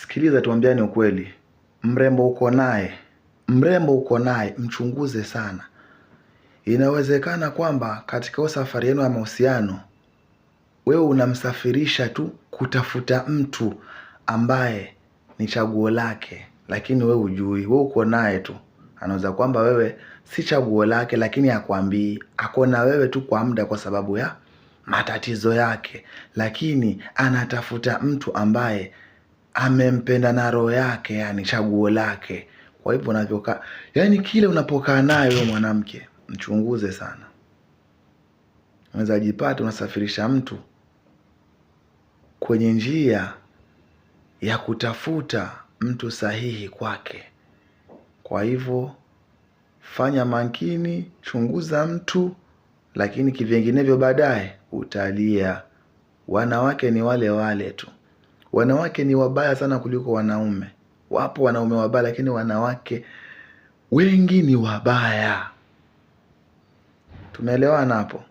Sikiliza tuambiane ukweli, mrembo uko naye, mrembo uko naye, mchunguze sana. Inawezekana kwamba katika safari yenu ya mahusiano, wewe unamsafirisha tu kutafuta mtu ambaye ni chaguo lake, lakini wewe ujui Wewe uko naye tu, anaweza kwamba wewe si chaguo lake, lakini akwambii ako na wewe tu kwa muda, kwa sababu ya matatizo yake, lakini anatafuta mtu ambaye amempenda na roho yake, yani chaguo lake. Kwa hivyo unavyokaa, yani kile unapokaa naye huyo mwanamke, mchunguze sana. Unaweza jipata unasafirisha mtu kwenye njia ya kutafuta mtu sahihi kwake. Kwa hivyo fanya makini, chunguza mtu, lakini kivinginevyo baadaye utalia. Wanawake ni wale wale tu. Wanawake ni wabaya sana kuliko wanaume. Wapo wanaume wabaya, lakini wanawake wengi ni wabaya. Tunaelewana hapo?